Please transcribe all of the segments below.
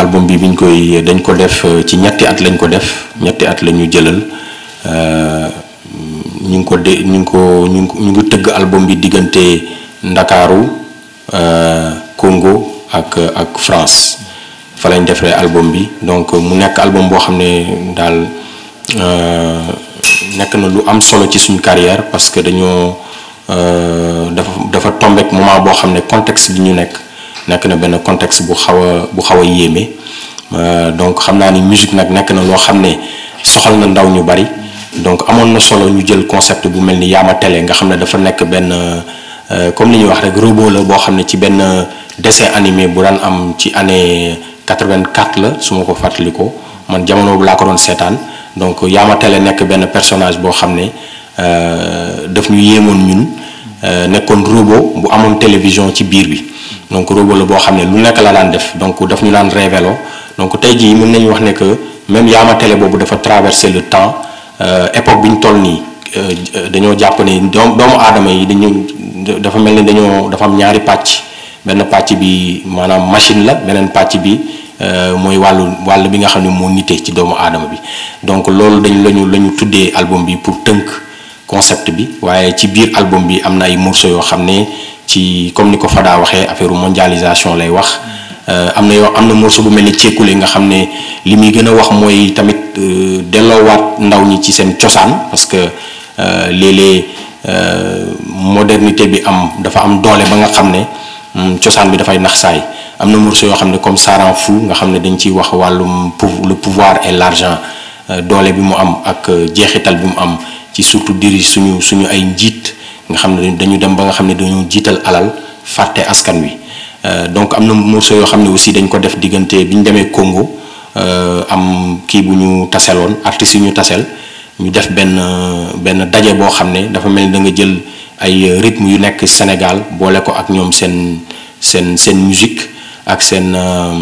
album bi biñ koy dañ ko def euh, ci ñetti at lañ ko def ñetti at la ñu jëlal euh, ñu ngi ko de ñu ngi ko ñu ngi ñu ngi tëgg album bi diggante Ndakaaru euh, Congo ak ak France fa lañ defaree album bi donc mu nekk album boo xam ne daal nekk na lu am solo ci suñu carrière parce que dañoo dafa dafa tombé moment boo xam ne contexte bi ñu nekk. nekk na benn contexte bu xaw a bu xaw a yéeme euh, donc xam naa ni musique nag nekk na loo xam ne soxal na ndaw ñu bari donc amoon na solo ñu jël concept bu mel ni Yaama Télé nga xam ne dafa nekk benn euh, comme li ñuy wax rek robot la boo xam ne ci benn dessin animé bu daan am ci année 84 la suma ko fàttalikoo man jamono bu laa ko doon seetaan donc Yaama Télé nekk benn personnage boo xam ne euh, daf ñu yéemoon ñun. Euh, nekkoon robot bu amoon télévision ci biir bi donc robot la boo xam ne lu nekk la daan def donc daf ñu daan révélo donc tey jii mën nañu wax ne que même Yaama Télé boobu dafa traversé le temps euh, époque bi ñu toll nii euh, dañoo jàpp ne doom doomu aadama yi dañu dafa mel ni dañoo dafa am ñaari pàcc benn pàcc bi maanaam machine la beneen pàcc bi mooy wàllu wàll bi nga xam ne moo nite ci doomu aadama bi donc loolu dañ lañu la ñu tuddee album bi pour tënk concept bi waaye ci biir album bi am na ay morceaux yoo xam ne ci comme ni ko fa Fada waxee affaire mondialisation lay wax euh, am na yoo am na morceau bu mel ni ceekule nga xam ne li muy gën a wax mooy tamit euh, delloowaat ndaw ñi ci seen cosaan parce que euh, léeg-léeg modernité bi am dafa am doole ba nga xam ne hmm, cosaan bi dafay nax saay am na morceau yoo xam ne comme Saran Fou nga xam ne dañ ciy wax wàllum le pouvoir et l'argent doole bi mu am ak jeexital bi mu am ci surtout diri suñu suñu ay njiit nga xam ne dañu dem ba nga xam ne dañoo jiital alal fàtte askan wi euh, donc am na morceau yoo xam ne aussi dañ ko def diggante bi ñu demee Congo euh, am kii bu ñu taseloon artistes yu ñu tasel ñu def benn benn daje boo xam ne dafa mel ni danga jël ay rythme yu nekk Sénégal boole ko ak ñoom seen seen seen musique ak seen euh,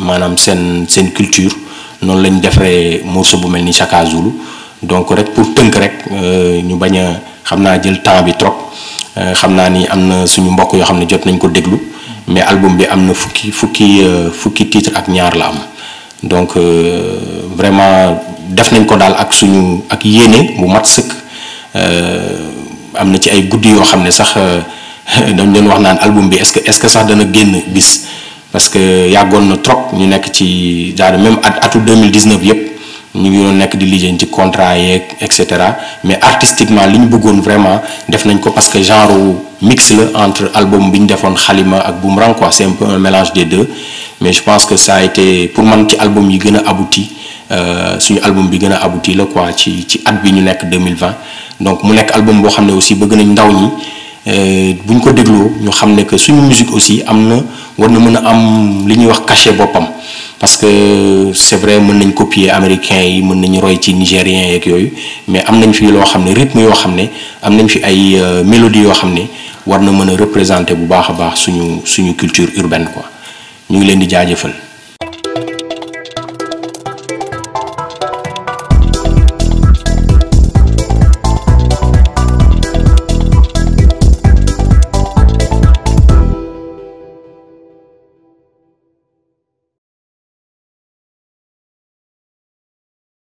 maanaam seen seen culture noonu lañ defaree morceau bu mel ni Chaka Zulu donc rek pour tënk rek euh, ñu bañ a xam naa jël temps bi trop euh, xam naa ni am na suñu mbokk yoo xam ne jot nañ ko déglu mais album bi am na fukki fukki euh, fukki titre ak ñaar la am donc vraiment def nañ ko daal ak suñu ak yéene bu mat sëkk am na ci ay guddi yoo xam ne sax dañ doon wax naan album bi est-ce est-ce que sax dana génn bis parce que yàggoon na trop ñu nekk ci daal même at atu 2019 yëpp. ñu ngi doon nekk di liggéey ci contrat yeeg et cetera mais artistiquement li ñu bëggoon vraiment def nañ ko parce que genre mix la entre album bi ñu defoon xalima ak boomerang quoi c'est un des deux mais je pense que ça a pour man ci album yi gën a abouti euh, suñu album bi gën a abouti la quoi ci ci at bi ñu nekk 2020 donc mu nekk album boo xam ne aussi bëgg nañ ndaw ñi. Euh, bu ñu ko dégloo ñu xam ne que suñu musique aussi am na war na mën a am li ñuy wax cachet boppam parce que c'est vrai mën nañ copier américains yi mën nañu roy ci nigériens yeeg yooyu mais am nañ fii loo xam ne rythme yoo xam ne am nañ fi ay euh, mélodie yoo xam ne war na mën a représenter bu baax a baax suñu suñu culture urbaine ko ñu ngi leen di jaajëfal.